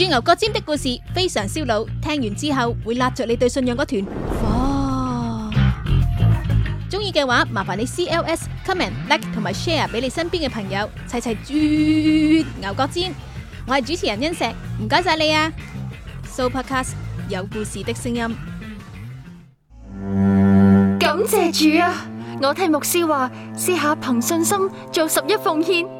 鑽牛角尖的故事非常燒腦，聽完之後會拉著你對信仰嗰團火。中意嘅話，麻煩你 C L S comment, like 同埋 share 俾你身邊嘅朋友，齊齊鑽牛角尖。我係主持人欣石，唔該晒你啊！Super Cast，有故事的聲音，感謝主啊！我聽牧師話，試下憑信心做十一奉獻。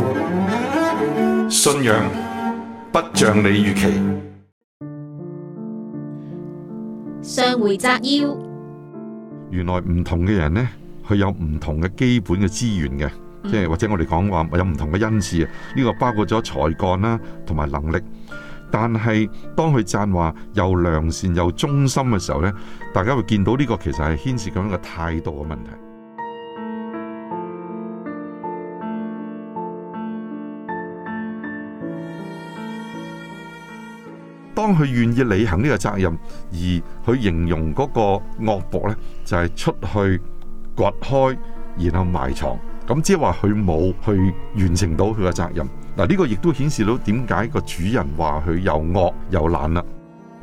信仰不像你預期。上回摘要，原來唔同嘅人呢，佢有唔同嘅基本嘅資源嘅，即係或者我哋講話有唔同嘅恩賜啊。呢、嗯呢個包括咗才幹啦、啊，同埋能力。但係當佢讚話又良善又忠心嘅時候呢，大家會見到呢個其實係牽涉咁樣嘅態度嘅問題。當佢願意履行呢個責任，而去形容嗰個惡僕呢，就係出去掘開，然後埋藏，咁即係話佢冇去完成到佢嘅責任。嗱，呢個亦都顯示到點解個主人話佢又惡又懶啦。呢、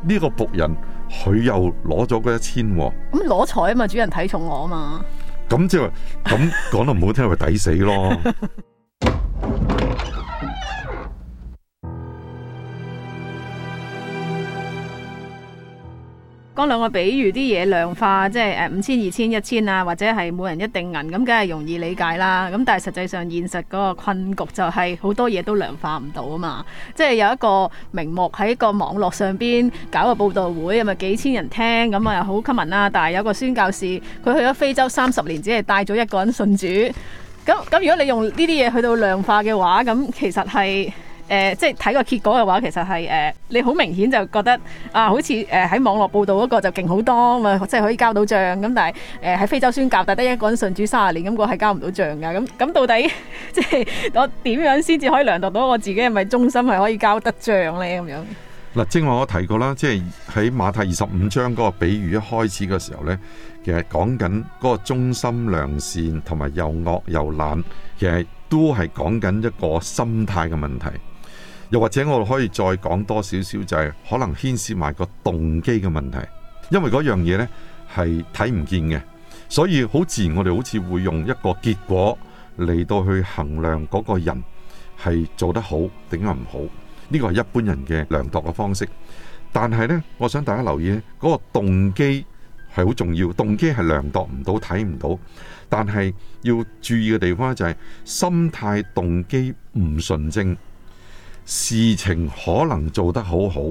呢個僕人佢又攞咗嗰一千，咁、嗯、攞彩啊嘛，主人睇重我啊嘛。咁即係話，咁講得唔好聽，咪 抵死咯。講兩個比喻啲嘢量化，即係五千、二千、一千啊，或者係每人一定銀咁，梗係容易理解啦。咁但係實際上現實嗰個困局就係好多嘢都量化唔到啊嘛。即係有一個名目喺個網絡上邊搞個報道會，咁咪幾千人聽，咁啊又好吸引啦。但係有個宣教士，佢去咗非洲三十年，只係帶咗一個人信主。咁咁如果你用呢啲嘢去到量化嘅話，咁其實係。誒即係睇個結果嘅話，其實係誒你好明顯就覺得啊，好似誒喺網絡報道嗰個就勁好多咁啊，即係可以交到帳咁。但係誒喺非洲宣教，但係得一個人信主三十年，咁個係交唔到帳㗎。咁咁到底即係我點樣先至可以量度到我自己係咪忠心係可以交得帳咧？咁樣嗱，正如我提過啦，即係喺馬太二十五章嗰個比喻一開始嘅時候咧，其實講緊嗰個忠心良善同埋又惡又懶，其實都係講緊一個心態嘅問題。又或者我可以再講多少少，就係可能牽涉埋個動機嘅問題，因為嗰樣嘢呢係睇唔見嘅，所以好自然我哋好似會用一個結果嚟到去衡量嗰個人係做得好定係唔好，呢個係一般人嘅量度嘅方式。但係呢，我想大家留意呢，嗰個動機係好重要，動機係量度唔到、睇唔到，但係要注意嘅地方就係心態動機唔純正。事情可能做得好好，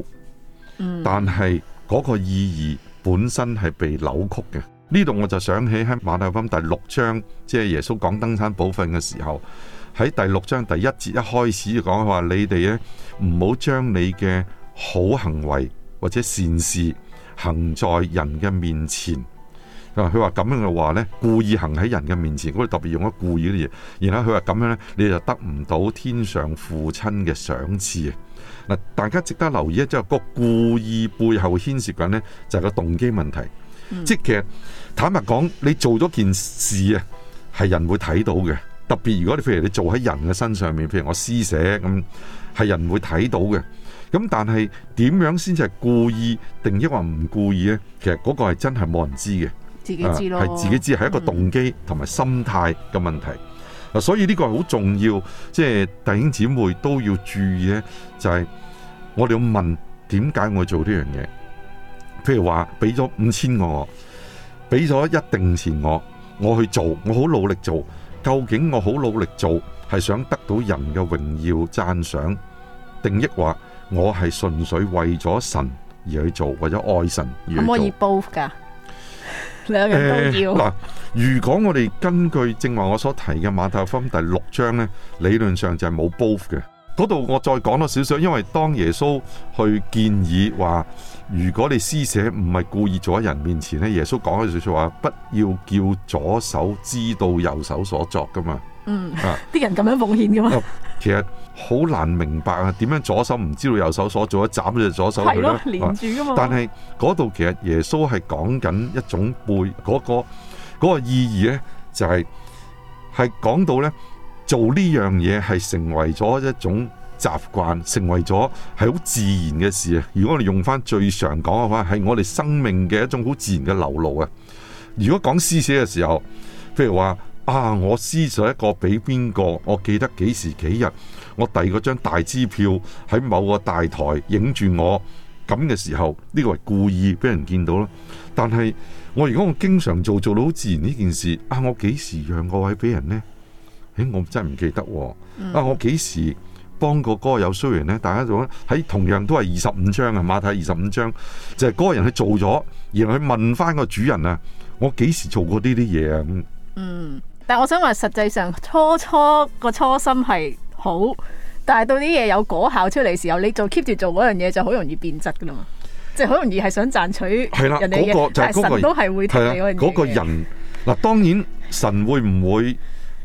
嗯、但係嗰個意義本身係被扭曲嘅。呢度我就想起喺馬太福音第六章，即、就、係、是、耶穌講登山寶訓嘅時候，喺第六章第一節一開始就講話：你哋呢唔好將你嘅好行為或者善事行在人嘅面前。佢話咁樣嘅話呢，故意行喺人嘅面前，嗰度特別用咗故意啲嘢。然後佢話咁樣呢，你就得唔到天上父親嘅賞賜。嗱，大家值得留意咧，即係個故意背後牽涉緊呢，就係個動機問題。嗯、即係其實坦白講，你做咗件事啊，係人會睇到嘅。特別如果你譬如你做喺人嘅身上面，譬如我施捨咁，係人會睇到嘅。咁但係點樣先至係故意定抑或唔故意呢？其實嗰個係真係冇人知嘅。係自己知咯，係自己知，係一個動機同埋心態嘅問題。嗱，所以呢個係好重要，即係弟兄姊妹都要注意咧。就係我哋要問，點解我做呢樣嘢？譬如話俾咗五千個我，俾咗一定錢我，我去做，我好努力做。究竟我好努力做，係想得到人嘅榮耀讚賞？定抑話我係純粹為咗神而去做，或者愛神而做，唔可以 both 噶。兩樣都要嗱、呃。如果我哋根據正話我所提嘅馬太福音第六章呢，理論上就係冇 both 嘅。嗰度我再講多少少，因為當耶穌去建議話，如果你施捨唔係故意做喺人面前呢，耶穌講咗少少話，不要叫左手知道右手所作噶嘛。嗯，啲、啊、人咁樣奉獻噶嘛？其實。好難明白啊！點樣左手唔知道右手所做一斬咗隻左手去？係咯，連住噶嘛。但係嗰度其實耶穌係講緊一種背嗰個嗰個意義咧，就係係講到咧做呢樣嘢係成為咗一種習慣，成為咗係好自然嘅事啊！如果我哋用翻最常講嘅話，係我哋生命嘅一種好自然嘅流露啊！如果講施捨嘅時候，譬如話。啊！我撕咗一個俾邊個？我記得幾時幾日？我遞嗰張大支票喺某個大台影住我咁嘅時候，呢、這個係故意俾人見到啦。但係我如果我經常做，做到好自然呢件事，啊！我幾時讓個位俾人呢？誒，我真係唔記得啊、嗯。啊，我幾時幫過個有需要人咧？大家就喺同樣都係二十五章啊，馬太二十五章，就係、是、嗰個人去做咗，然後去問翻個主人啊，我幾時做過呢啲嘢啊？嗯。但我想話，實際上初初個初心係好，但係到啲嘢有果效出嚟時候，你做 keep 住做嗰樣嘢就好容易變質噶啦嘛，即係好容易係想賺取係啦，人哋個就係嗰、那個，係啊，神都係會睇你個人嗱，當然神會唔會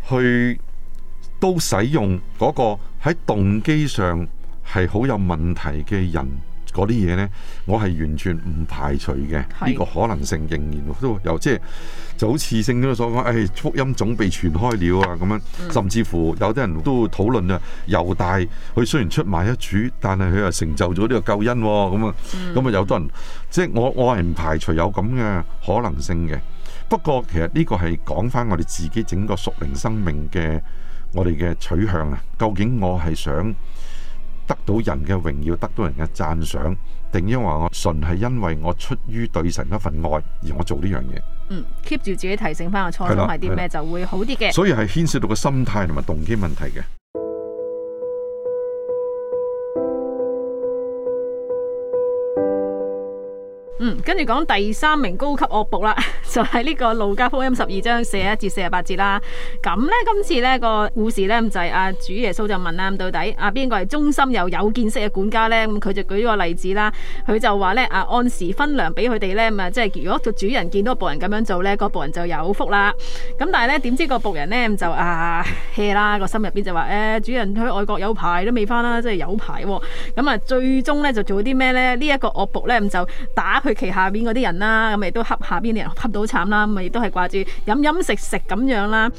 去都使用嗰個喺動機上係好有問題嘅人？嗰啲嘢呢，我係完全唔排除嘅，呢、這個可能性仍然都有，即係就好似聖經所講，誒、哎、福音總被傳開了啊，咁樣，甚至乎有啲人都討論啊，猶大佢雖然出賣一主，但係佢又成就咗呢個救恩喎，咁啊，咁啊有多人即係、就是、我我係唔排除有咁嘅可能性嘅。不過其實呢個係講翻我哋自己整個屬靈生命嘅我哋嘅取向啊，究竟我係想。得到人嘅榮耀，得到人嘅讚賞，定因為我純係因為我出於對神一份愛而我做呢樣嘢。嗯，keep 住自己提醒翻個初衷係啲咩，就會好啲嘅。所以係牽涉到個心態同埋動機問題嘅。跟住講第三名高級惡僕、就是這個、啦，就係呢個路加福音十二章四一至四十八節啦。咁呢，今次呢、這個故事呢，就係、是、阿主耶穌就問啊，到底啊邊個係忠心又有見識嘅管家呢？嗯」佢就舉個例子啦，佢就話呢，「啊，按時分糧俾佢哋呢。」咁啊即係如果個主人見到個僕人咁樣做呢，個僕人就有福啦。咁但係呢，點知個僕人呢，就啊 hea 啦，個心入邊就話誒、哎，主人去外國有排都未返啦，即係有排喎、哦。咁、嗯、啊最終呢，就做啲咩呢？呢、這、一個惡僕呢，咁就打佢旗下。下邊嗰啲人啦，咁亦都恰下邊啲人恰到好慘啦，咁亦都係掛住飲飲食食咁樣啦，誒、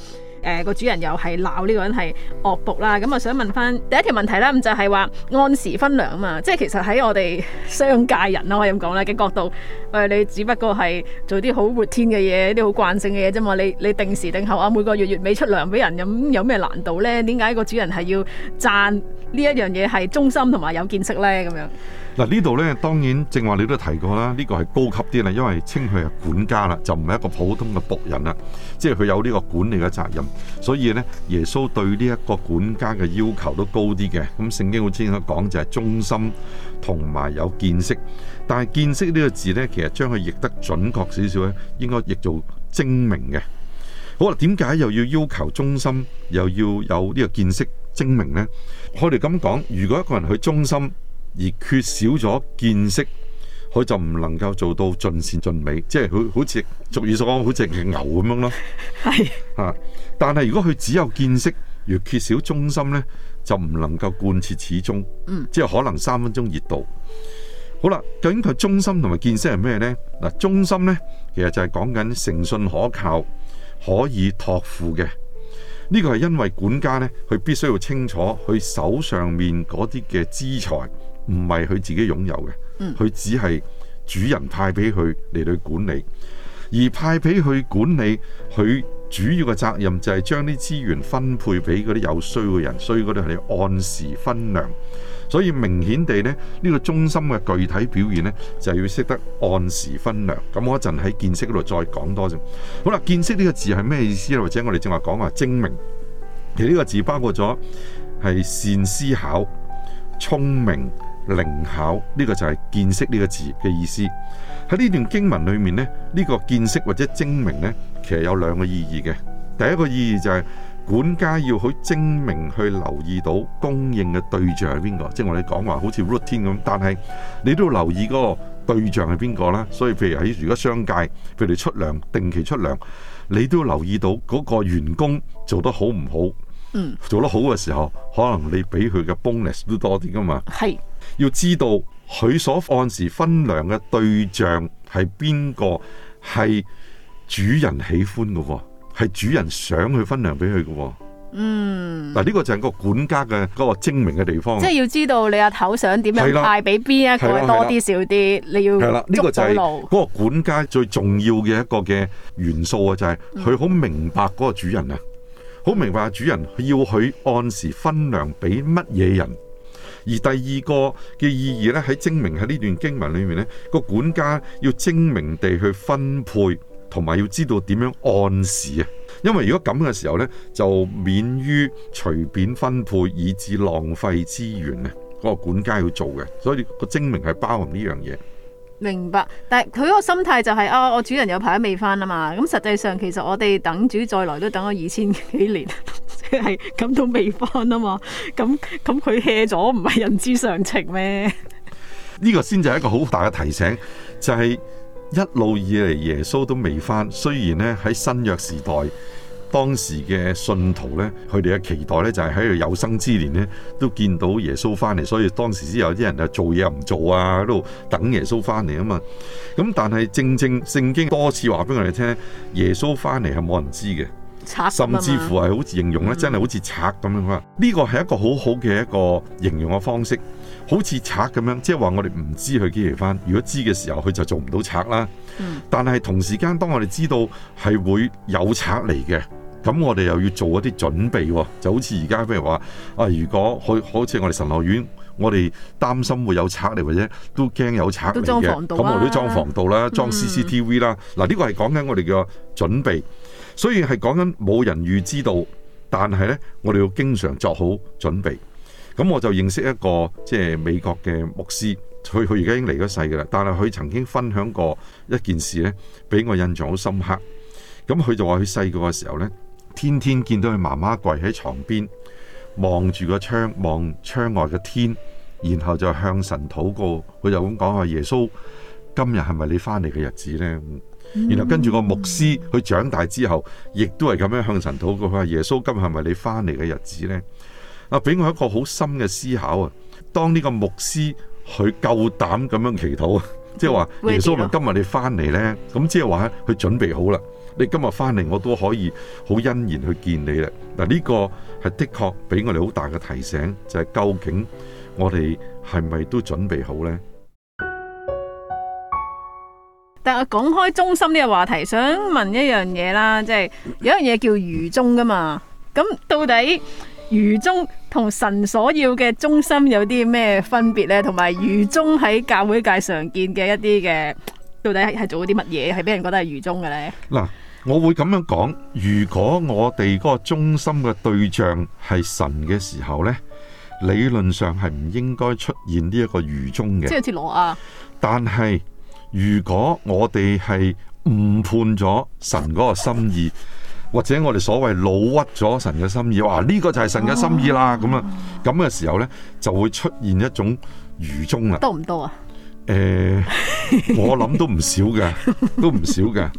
呃，個主人又係鬧呢個人係惡僕啦，咁、嗯、啊、嗯、想問翻第一條問題啦，咁就係、是、話按時分糧啊嘛，即係其實喺我哋商界人啦，可以咁講啦嘅角度，誒、呃，你只不過係做啲好活天嘅嘢，啲好慣性嘅嘢啫嘛，你你定時定候啊，每個月月尾出糧俾人飲、嗯，有咩難度咧？點解個主人係要讚呢一樣嘢係忠心同埋有見識咧？咁樣。嗱，呢度咧，當然正話你都提過啦，呢個係高級啲啦，因為稱佢係管家啦，就唔係一個普通嘅僕人啦，即係佢有呢個管理嘅責任。所以咧，耶穌對呢一個管家嘅要求都高啲嘅。咁聖經會清楚講就係忠心同埋有見識，但係見識呢個字咧，其實將佢譯得準確少少咧，應該譯做精明嘅。好啦，點解又要要求忠心，又要有呢個見識精明咧？我哋咁講，如果一個人去忠心，而缺少咗見識，佢就唔能夠做到盡善盡美，即係佢好似俗語所講，好似隻牛咁樣咯。係啊，但係如果佢只有見識，而缺少忠心呢，就唔能夠貫徹始終。即係可能三分鐘熱度、嗯。好啦，究竟佢忠心同埋見識係咩呢？嗱，忠心呢，其實就係講緊誠信可靠，可以托付嘅。呢個係因為管家呢，佢必須要清楚佢手上面嗰啲嘅資財。唔係佢自己擁有嘅，佢只係主人派俾佢嚟去管理，而派俾佢管理，佢主要嘅責任就係將啲資源分配俾嗰啲有需要嘅人，所以嗰度係你按時分糧。所以明顯地呢，呢、這個中心嘅具體表現呢，就是、要識得按時分糧。咁我一陣喺見識嗰度再講多先。好啦，見識呢個字係咩意思咧？或者我哋正話講話精明，其實呢個字包括咗係善思考、聰明。靈巧呢個就係見識呢個字嘅意思。喺呢段經文裏面呢，呢個見識或者精明呢，其實有兩個意義嘅。第一個意義就係管家要好精明，去留意到供應嘅對象係邊個。即係我哋講話好似 routine 咁，但係你都要留意嗰個對象係邊個啦。所以譬如喺如果商界，譬如你出糧定期出糧，你都要留意到嗰個員工做得好唔好。嗯，做得好嘅時候，可能你俾佢嘅 bonus 都多啲噶嘛。係。要知道佢所按時分糧嘅對象係邊個，係主人喜歡嘅，係主人想去分糧俾佢嘅。嗯，嗱，呢個就係個管家嘅嗰個精明嘅地方。即係要知道你阿頭想點樣派俾邊一個多啲少啲，你要呢個就係個管家最重要嘅一個嘅元素啊，就係佢好明白嗰個主人啊，嗯，好明白主人要佢按時分糧俾乜嘢人。而第二個嘅意義咧，喺精明喺呢段經文裏面咧，個管家要精明地去分配，同埋要知道點樣按時啊。因為如果咁嘅時候咧，就免於隨便分配，以至浪費資源啊。嗰個管家要做嘅，所以個精明係包含呢樣嘢。明白，但係佢個心態就係啊，我主人有排都未翻啊嘛。咁實際上其實我哋等主再來都等咗二千幾年，即係咁都未翻啊嘛。咁咁佢歇咗，唔係人之常情咩？呢個先就係一個好大嘅提醒，就係一路以嚟耶穌都未翻。雖然呢喺新約時代。當時嘅信徒呢，佢哋嘅期待呢，就係喺度有生之年呢，都見到耶穌翻嚟，所以當時先有啲人啊做嘢唔做啊，喺度等耶穌翻嚟啊嘛。咁但係正正聖經多次話俾我哋聽，耶穌翻嚟係冇人知嘅，甚至乎係好似形容咧，真係好似賊咁樣。呢個係一個好好嘅一個形容嘅方式，好似賊咁樣，即係話我哋唔知佢幾時翻。如果知嘅時候，佢就做唔到賊啦，嗯。但係同時間，當我哋知道係會有賊嚟嘅。咁我哋又要做一啲準備喎、哦，就好似而家譬如話啊，如果好似我哋神學院，我哋擔心會有賊嚟，或者都驚有賊嚟嘅。咁我哋都裝防盜、啊、啦，裝 CCTV 啦。嗱呢個係講緊我哋嘅準備，所以係講緊冇人預知道。但係呢，我哋要經常做好準備。咁我就認識一個即係美國嘅牧師，佢佢而家已經離咗世㗎啦。但係佢曾經分享過一件事呢，俾我印象好深刻。咁佢就話佢細個嘅時候呢。」天天見到佢媽媽跪喺床邊，望住個窗，望窗外嘅天，然後就向神禱告。佢就咁講話：「耶穌，今日係咪你翻嚟嘅日子呢？」然後跟住個牧師，佢長大之後，亦都係咁樣向神禱告：佢話：「耶穌，今日係咪你翻嚟嘅日子呢？」啊，俾我一個好深嘅思考啊！當呢個牧師佢夠膽咁樣祈禱啊，即係話耶穌今日你翻嚟呢？咁即係話佢準備好啦。你今日翻嚟，我都可以好欣然去見你啦。嗱，呢個係的確俾我哋好大嘅提醒，就係究竟我哋係咪都準備好呢？但係我講開忠心呢個話題，想問一樣嘢啦，即係有樣嘢叫愚忠噶嘛？咁到底愚忠同神所要嘅忠心有啲咩分別呢？同埋愚忠喺教會界常見嘅一啲嘅，到底係做咗啲乜嘢？係俾人覺得係愚忠嘅呢？嗱。我會咁樣講，如果我哋嗰個中心嘅對象係神嘅時候咧，理論上係唔應該出現呢一個愚忠嘅。即係似羅啊！但係如果我哋係誤判咗神嗰個心意，或者我哋所謂老屈咗神嘅心意，話呢個就係神嘅心意啦。咁啊，咁嘅時候咧，就會出現一種愚忠啦。多唔多啊？誒，我諗都唔少嘅，都唔少嘅。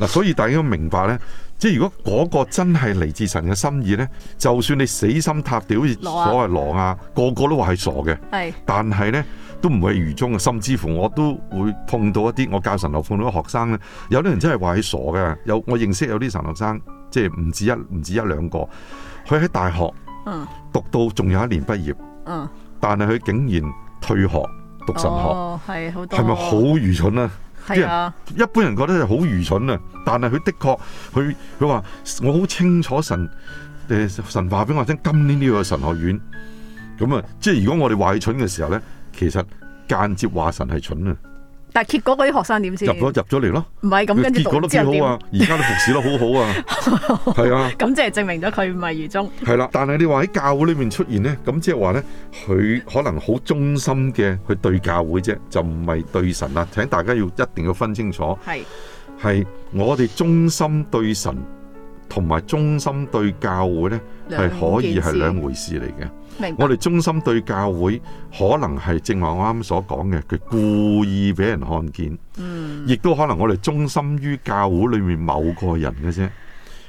嗱，所以大家明白咧，即係如果嗰個真係嚟自神嘅心意咧，就算你死心塌地，好似所謂羅啊，個個都話係傻嘅，係，但係咧都唔會愚忠嘅。甚至乎我都會碰到一啲我教神學碰到嘅學生咧，有啲人真係話係傻嘅，有我認識有啲神學生，即係唔止一唔止一兩個，佢喺大學，嗯，讀到仲有一年畢業，嗯，但係佢竟然退學讀神學，係係咪好愚蠢啊？一般人覺得就好愚蠢啊，但係佢的確，佢佢話我好清楚神，誒，神話畀我聽，今年呢個神學院，咁啊，即係如果我哋話佢蠢嘅時候咧，其實間接話神係蠢啊。但係結果嗰啲學生點知入咗嚟咯，唔係咁，結果都幾好啊。而家都服侍得好好啊，係 啊。咁即係證明咗佢唔係愚忠。係啦，啊，但係你話喺教會裏面出現咧，咁即係話咧，佢可能好忠心嘅去對教會啫，就唔係對神啊。請大家要一定要分清楚，係，係我哋忠心對神，同埋忠心對教會咧，係可以係兩回事嚟嘅。我哋忠心對教會，可能係正話我啱所講嘅，佢故意俾人看見，亦、嗯、都可能我哋忠心於教會裏面某個人嘅啫。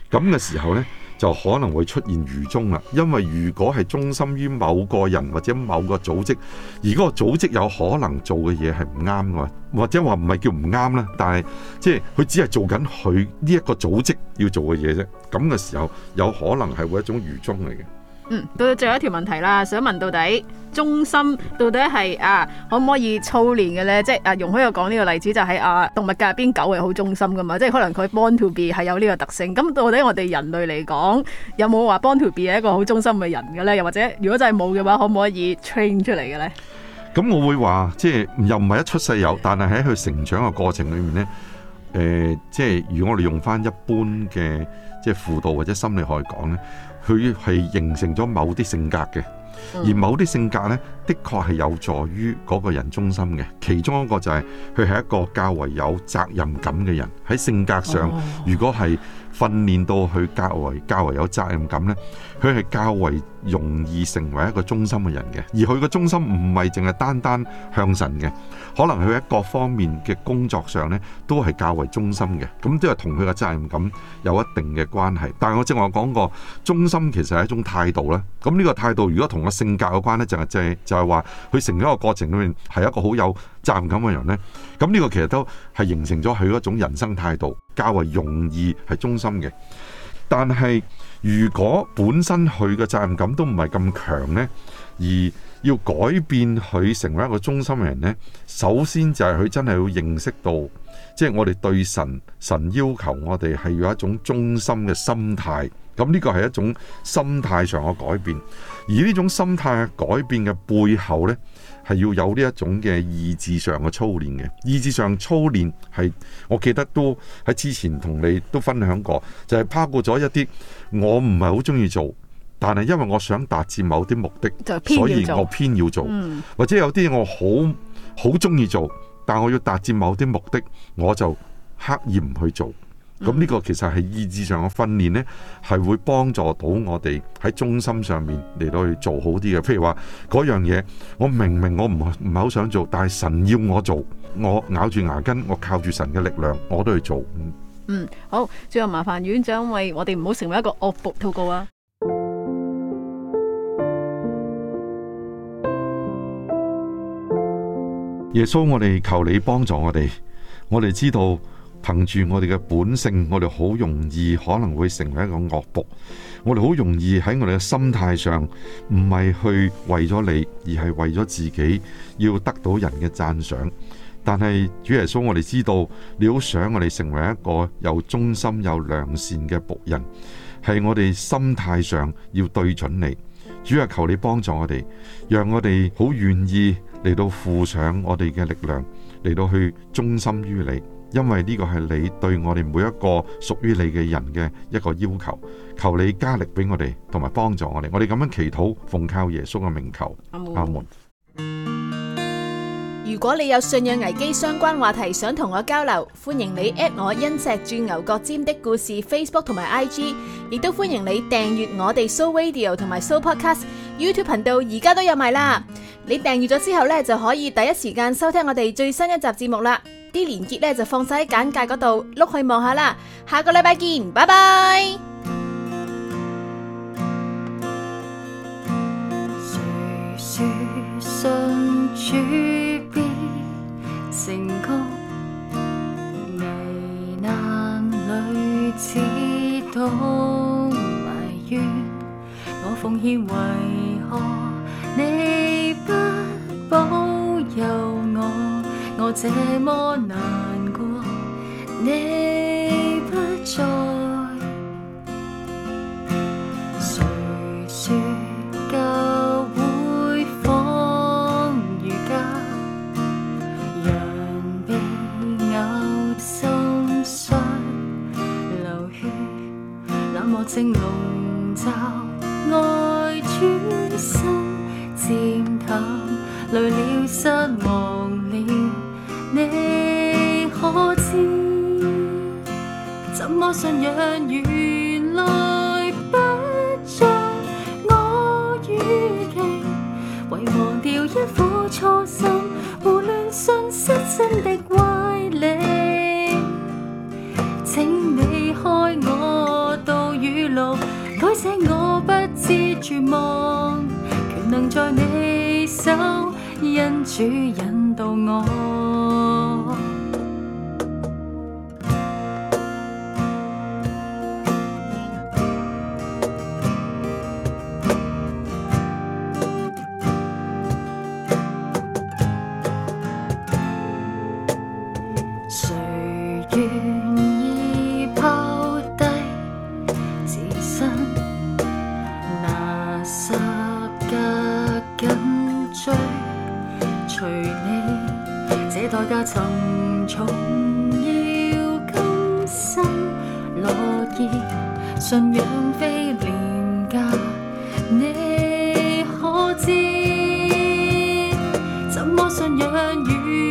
咁嘅時候呢，就可能會出現愚忠啦。因為如果係忠心於某個人或者某個組織，而嗰個組織有可能做嘅嘢係唔啱嘅，或者話唔係叫唔啱啦。但係即係佢只係做緊佢呢一個組織要做嘅嘢啫。咁嘅時候，有可能係會一種愚忠嚟嘅。嗯，到咗最後一條問題啦，想問到底忠心到底係啊可唔可以操練嘅呢？即係啊，容許我講呢個例子，就喺、是、啊，動物界入邊狗係好忠心噶嘛即係可能佢 born to be 係有呢個特性。咁到底我哋人類嚟講，有冇話 born to be 係一個好忠心嘅人嘅呢？又或者如果真係冇嘅話，可唔可以 train 出嚟嘅呢？咁我會話，即係又唔係一出世有，但係喺佢成長嘅過程裏面呢。誒、呃，即係如果我哋用翻一般嘅即係輔導或者心理學嚟講，佢係形成咗某啲性格嘅，而某啲性格呢，的確係有助於嗰個人忠心嘅。其中一個就係佢係一個較為有責任感嘅人喺性格上，oh. 如果係。訓練到佢較為較為有責任感呢，佢係較為容易成為一個忠心嘅人嘅。而佢嘅忠心唔係淨係單單向神嘅，可能佢喺各方面嘅工作上呢都係較為忠心嘅。咁都係同佢嘅責任感有一定嘅關係。但係我正話我講過，忠心其實係一種態度啦。咁呢個態度如果同個性格有關呢、就係，就係、係、就係就話佢成為一個過程裏面係一個好有責任感嘅人呢。咁、這、呢個其實都係形成咗佢一種人生態度，較為容易係忠心嘅。但係如果本身佢嘅責任感都唔係咁強呢，而要改變佢成為一個忠心嘅人呢，首先就係佢真係要認識到，即、就、係、是、我哋對神，神要求我哋係有一種忠心嘅心態。咁呢個係一種心態上嘅改變，而呢種心態嘅改變嘅背後呢。係要有呢一種嘅意志上嘅操練嘅，意志上操練係我記得都喺之前同你都分享過，就係包括咗一啲我唔係好中意做，但係因為我想達至某啲目的，所以我偏要做，或者有啲我好好中意做，但我要達至某啲目的，我就刻意唔去做。咁呢個其實係意志上嘅訓練呢，係會幫助到我哋喺中心上面嚟到去做好啲嘅。譬如話嗰樣嘢，我明明我唔唔係好想做，但係神要我做，我咬住牙根，我靠住神嘅力量，我都去做。嗯，好，最後麻煩院長為我哋唔好成為一個惡僕禱告啊！耶穌，我哋求你幫助我哋，我哋知道。憑住我哋嘅本性，我哋好容易可能會成為一個惡僕。我哋好容易喺我哋嘅心態上唔係去為咗你，而係為咗自己要得到人嘅讚賞。但係主耶穌，我哋知道你好想我哋成為一個有忠心、有良善嘅僕人，係我哋心態上要對準你。主啊，求你幫助我哋，讓我哋好願意嚟到付上我哋嘅力量嚟到去忠心於你。因為呢個係你對我哋每一個屬於你嘅人嘅一個要求，求你加力俾我哋，同埋幫助我哋。我哋咁樣祈禱，奉靠耶穌嘅名求。阿門。阿門。如果你有信仰危機相關話題想同我交流，歡迎你 at 我《恩石鑽牛角尖的故事》Facebook 同埋 IG，亦都歡迎你訂閱我哋 Show Radio 同埋 Show Podcast YouTube 頻道，而家都有埋啦。你訂閱咗之後呢，就可以第一時間收聽我哋最新一集節目啦。啲連結咧就放晒喺簡介嗰度，碌去望下啦。下個禮拜見，拜拜。我這麼難過，你不在。能在你手，因主引導我。信仰。